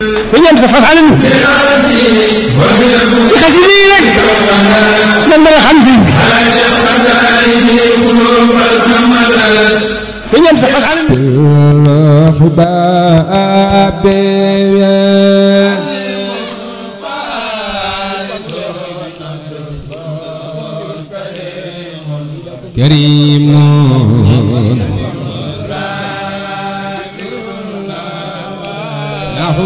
sëñ am sa fas àll bi ci xas yi rek lan la xam sëñ bi sëñ am sa fas àll bi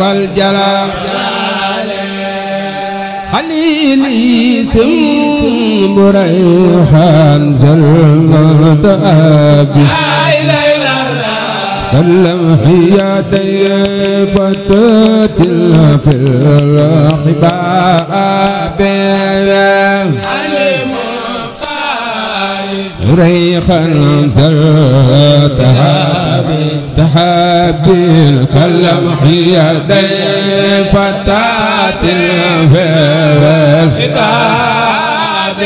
والجلال خليلي سمبريحان زلمت أبي سلم حياتي فتت في الخباب ريخا زلتها بي تحبي الكلم حيادي فتاة في الخطاب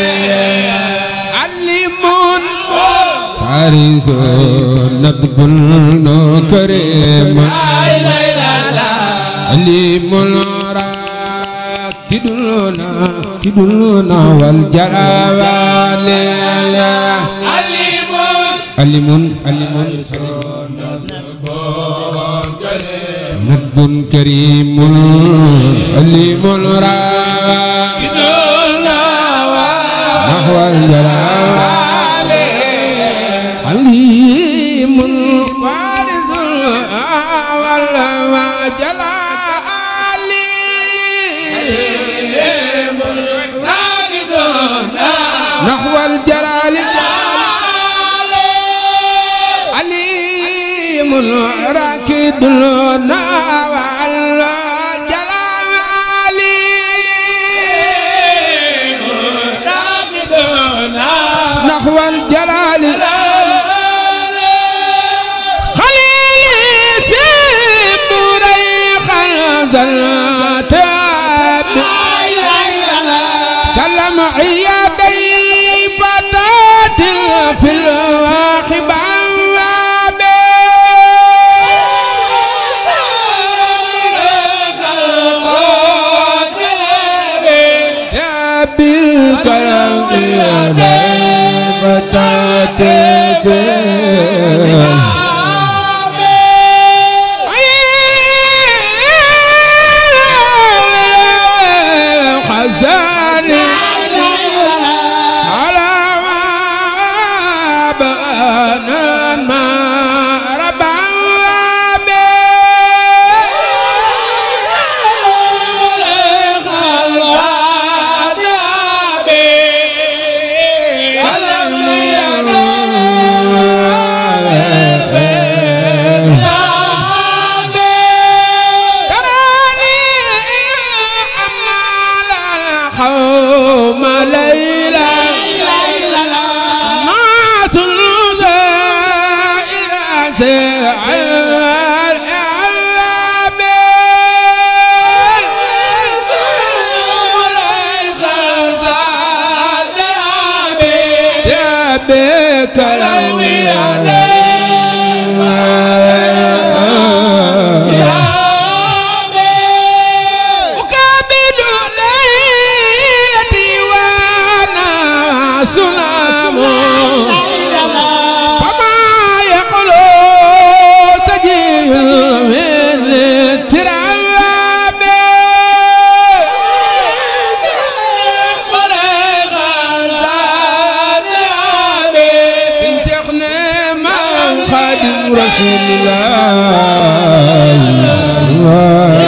علمون حريث نبض كريم عليم الراكدون كدلنا والجرابان عليم alimun alimun nadbun karimul alimul rawa nahwa jalaa wal jalaali الله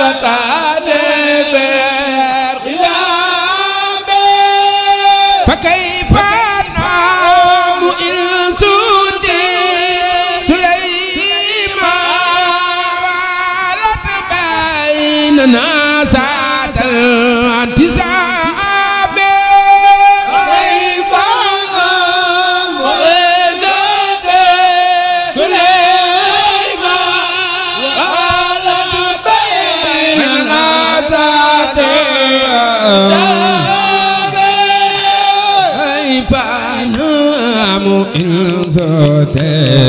बता दे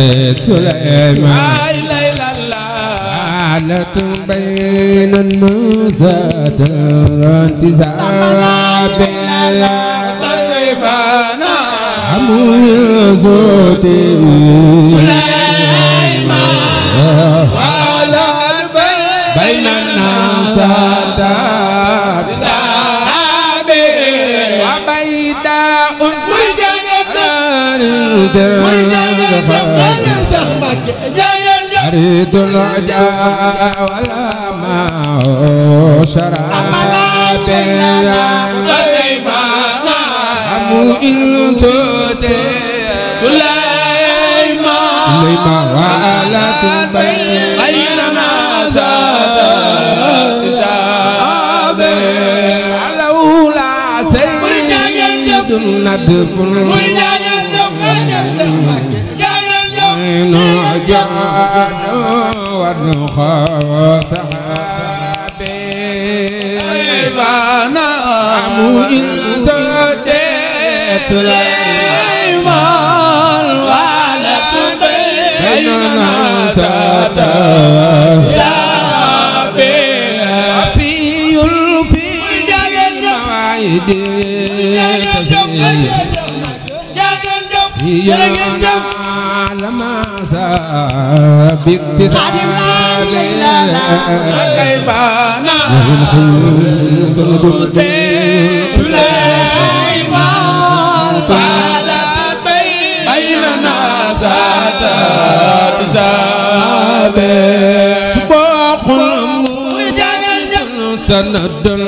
الملك سليمان حالة بين النساء انتزاع بالله طيفنا عمو يزودي يريد العجا ولا ما شرع بيا ضيفا أمو إن تودي سليمان سليمان وعلى تبين غيرنا زاد زاد لولا سيد الندب مرجع يندب مرجع سمك جاي يندب مرجع Yeah. jërë ngeen jëf xaadim laa ilaaha illallaa kay baana te Sulaymaan baala bay baynana saata isaabe subaaxul amru sanadal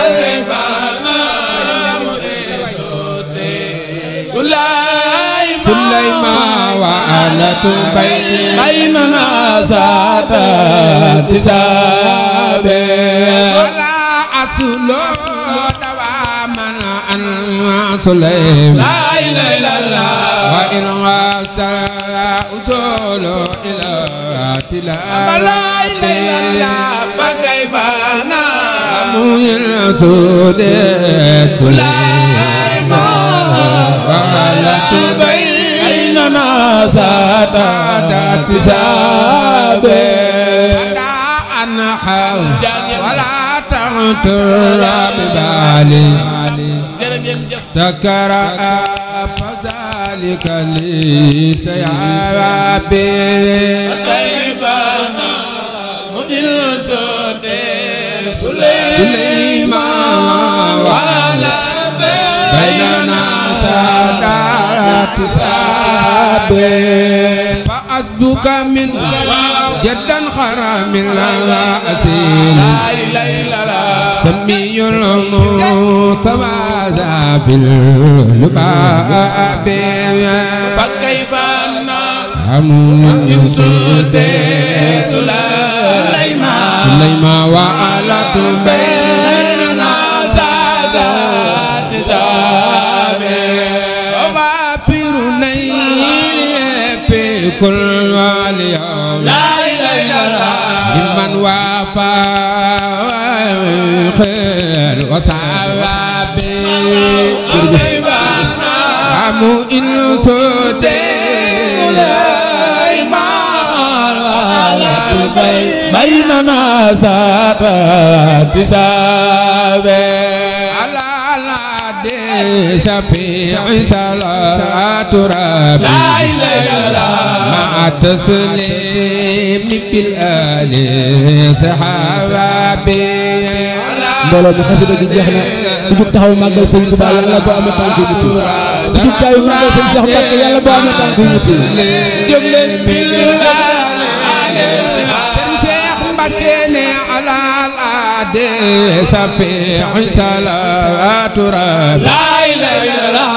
مسألة بيننا ذات انتساب ولا أصل دواما عن سليم لا إله إلا الله وإن وصل أصول إلى تلا لا إله إلا الله فكيف نعم الرسول سليم ولا تبين أننا ساتات سابق أنحى ولا تغتر ببالي تكرأ فذلك لي سيا ربي كيف مدل سليمان تسابق فأسبك من جدا خرام لا أسيل سمي المتواضع في الباب فكيف أنا من سلطة سليمان سليمان وعلى تبين كل والي لا إله إلا الله لمن وفى خير وصحابي أمو إن سودي مولاي ما بيننا سابت بسابت شفيع صلاة ربي لا إله إلا الله مع تسليم بالآل صحابي mbooloo bi xasida gi jeex na ku jóg taxaw màggal sëñ Tuba yàlla boo amee tànk yu mutu ku jóg taxaw màggal sëñ Cheikh Mbacke yàlla boo amee tànk yu mutu jóg leen bil Cheikh Mbacke ne alal عبد سفيع صلوات رب لا إله إلا الله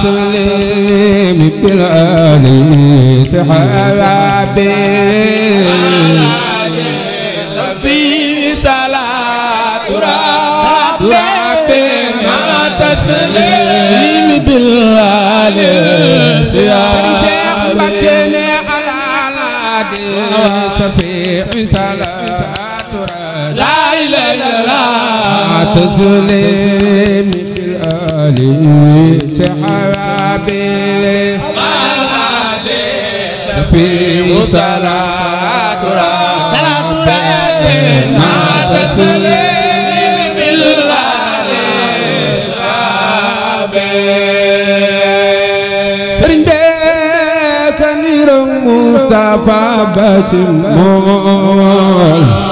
تسليم بالآل صحابي سفيع صلاة رب ما تسليم بالآل صحابي شيخ مكين على العادي سفيع صلاة تسلم بالآل سحاب في صلاة ما تسلم بالآل سحاب سرندك نير مصطفى باسم مول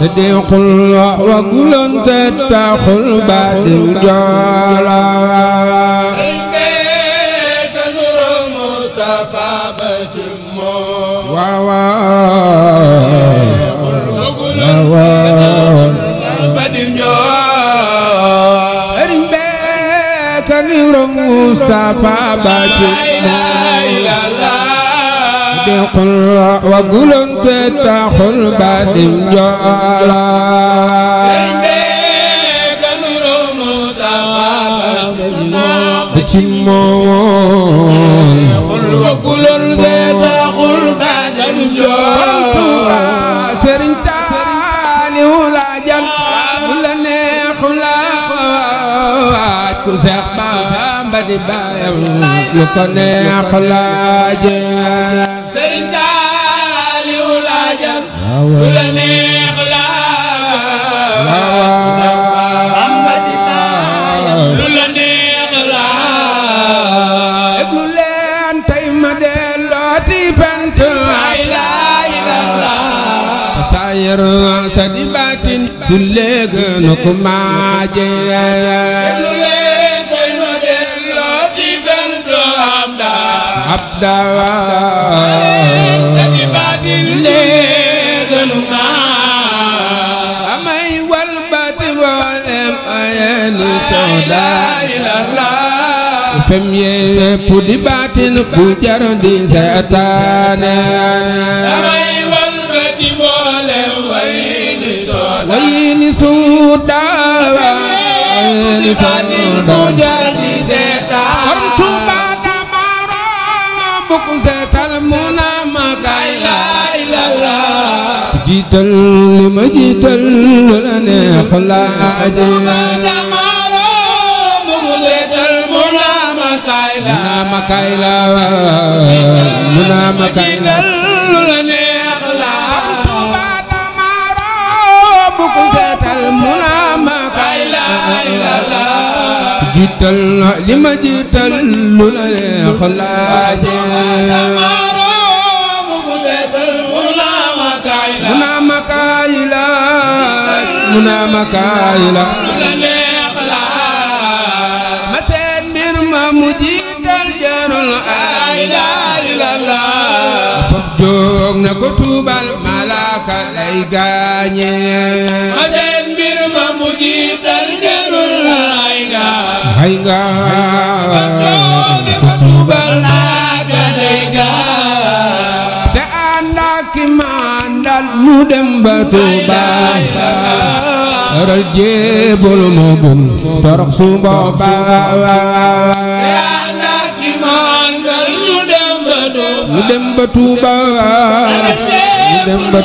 di xul wa gulon te taxul ba di joola waaw waaw Mustafa ba ci بعد قل وقل فتح بعد جعلا قل وقل فتح بعد جعلا سرين تالي ولا جل ولا نخلا كسر di bayam yu ko neex laa jël dulle gënu ko maaje lu leen koy ma delloo ci benn doom daa ab daawa tam yee puddi baatin bu jar di seetaane damay wal ba di boole way ni sooda way ni sooda way ni baatin bu jar di seetaane war tuuba damaaroo bu ku seetal mu naa ma kay laa ilaallah jiital li ma jiital la neex laa ajee munama kay la munama kay la lu la neex la baata maro bu ko seetal munama kay la la jiital na li ma jiital lu la neex la baata maro bu ko seetal munama kay la munama kay la munama kay la moom na ko tuubal malaaka ma seen mbir ma mu jiital ay nga ay nga ne ko tuubal malaaka lay gaañ te ànd ak mandal mu dem ba tuubal ral jéebul mu bun dem ba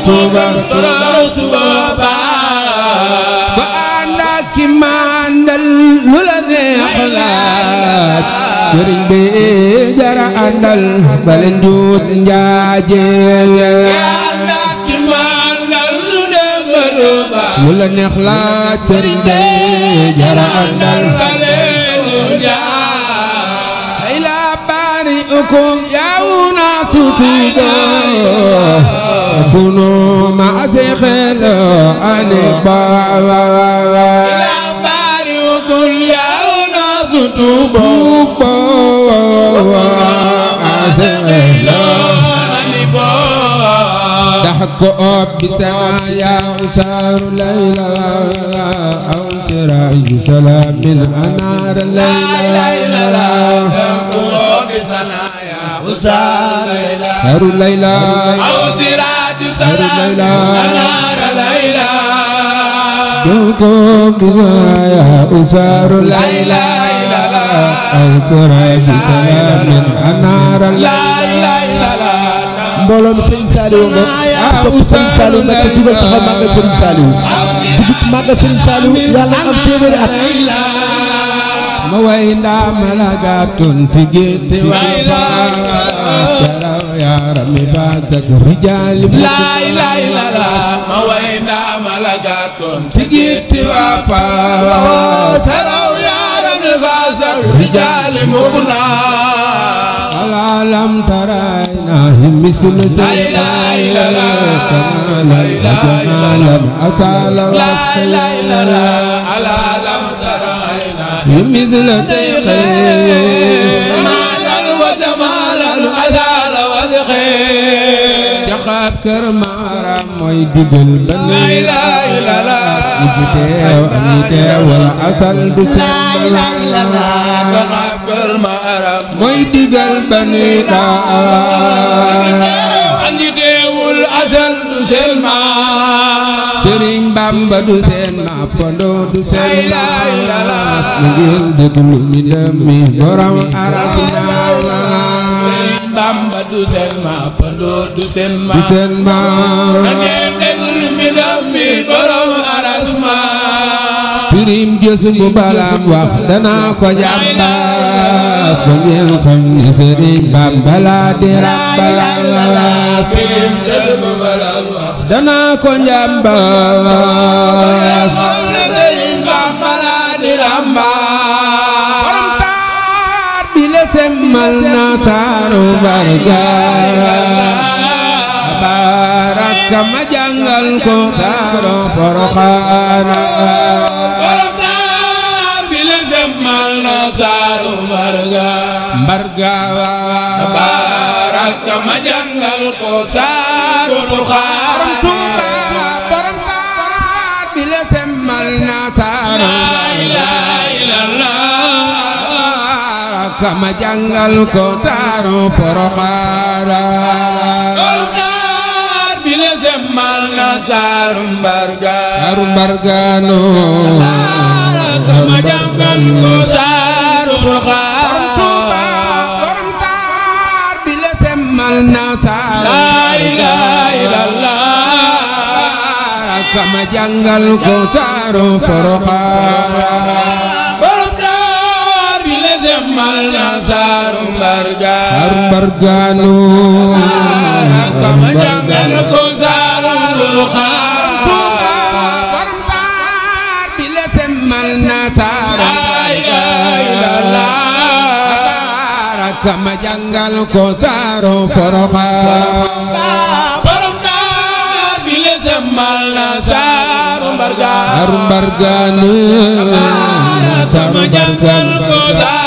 Touba ki mandal lu la neex laaj sëriñ bi jara àndal bale njuut njaajeel lu la neex laaj sëriñ bi jara عقيدة كونوا مع شيخ الأنباء الأخبار كل أناس تحقق بسنايا أسار ليلى أو سراج سلام أنار ليلى سنايا وسار ليلى نار ليلى أو سراج سلام نار ليلى دوكم بزايا أسار ليلى أو سراج سلام نار ليلى mbooloom Serigne Saliou nga ak ah, sopp Serigne Saliou nag te dugal taxaw màggal Serigne Saliou. dugub màggal Serigne Saliou yàlla am téeméeri at. ma wayla malaga tonti gete wayla sharaw ya rabbi bazak rijal la la la la ma wayla malaga tonti gete wapa sharaw ya rabbi مثل ديقين طيب. مالا وجمالا أزال وذخين جخاب كرمارا مويد بالبن لا إله إلا الله يفتي وأنيتي والأصل بسم الله جخاب كرمارا مويد بالبن لا أنيتي والأصل بسم الله سرين بامبا دوسين toppandoo du sey la la mu ngi déglu mi dem mi borom aras la Bamba du seen mappandoo du seen maam du seen maam na ngeen déglu mi dem mi borom aras ma pirim jës bu balaam wax danaa ko jàmba ba ngeen xam ni Sëriñ Bamba la di rabba la la pirim jës bu balaam dana ko di rambaas borom bi le semmal na saanu bargaas baraka ma jàngal ko saanu poroxaana bi le semmal na saanu ma jàngal ko saaru poroxaara kolkaar bi la semmal na saaru mbargaan saaru mbargaanu ma jàngal ko saaru poroxaara kolkaar bi la semmal na saaru laa ilaaha illallaah ma jàngal ko saaru poroxaara saaru mbargaanu kama jàngal ko saaru lu xaar Tuuba borom taar bi la semmal na saaru kama jàngal ko saaru poroxaar borom taar bi la semmal na saaru mbargaanu kama jàngal ko saaru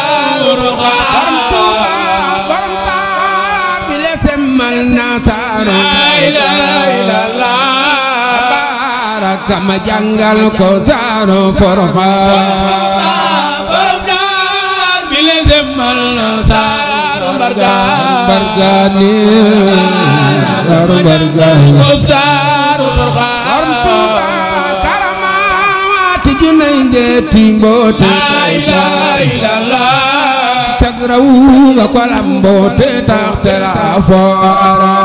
sama jàngal ko saaro forxa borom daar mi le semmal saaro bargaan bargaani saaro bargaani saaro forxa ortuba karamaati junay ndeeti mboote la ilaha illallah cagrawu nga kolam mboote tax te la foora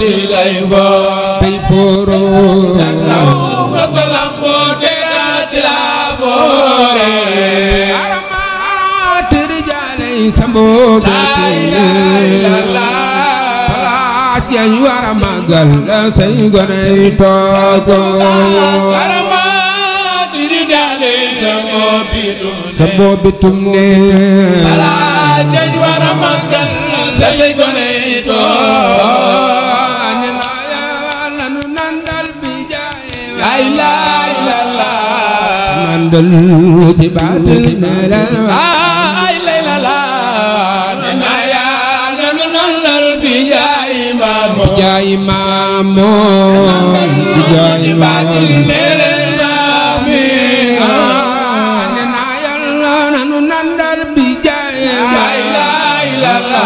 di lay foor di fooroo sa law nga ko lamboo te daa ci laa fooree aramaa te rijaaley sa mboo palaas yañ war a màggal la say gone yi toogoo aramaa te rijaaley sa mboo bitum ne sa mboo bitum ne palaas yañ war a màggal la say gone yi toogoo àndal ci baatin melal ay layla la nena yaa nanu nandal bi jaay maamo jaay maamo bi jaay baatin melal mi nena yàlla nanu nandal bi jaay jaay layla la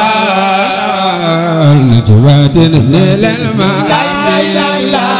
ci baatin melal ma ay layla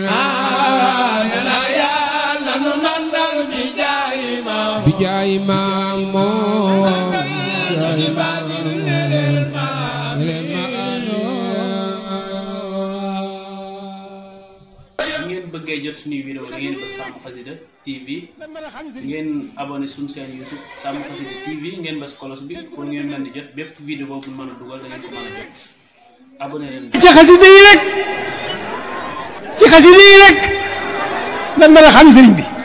bëggee jot suñuy vidéo da ngeen bës Sàmm Xasida TV ngeen abonné suñu chaîne YouTube bi ngeen mën di jot bépp vidéo a dugal da ngeen ko mën a ci xasida ci xasida lan mën a xam sëriñ bi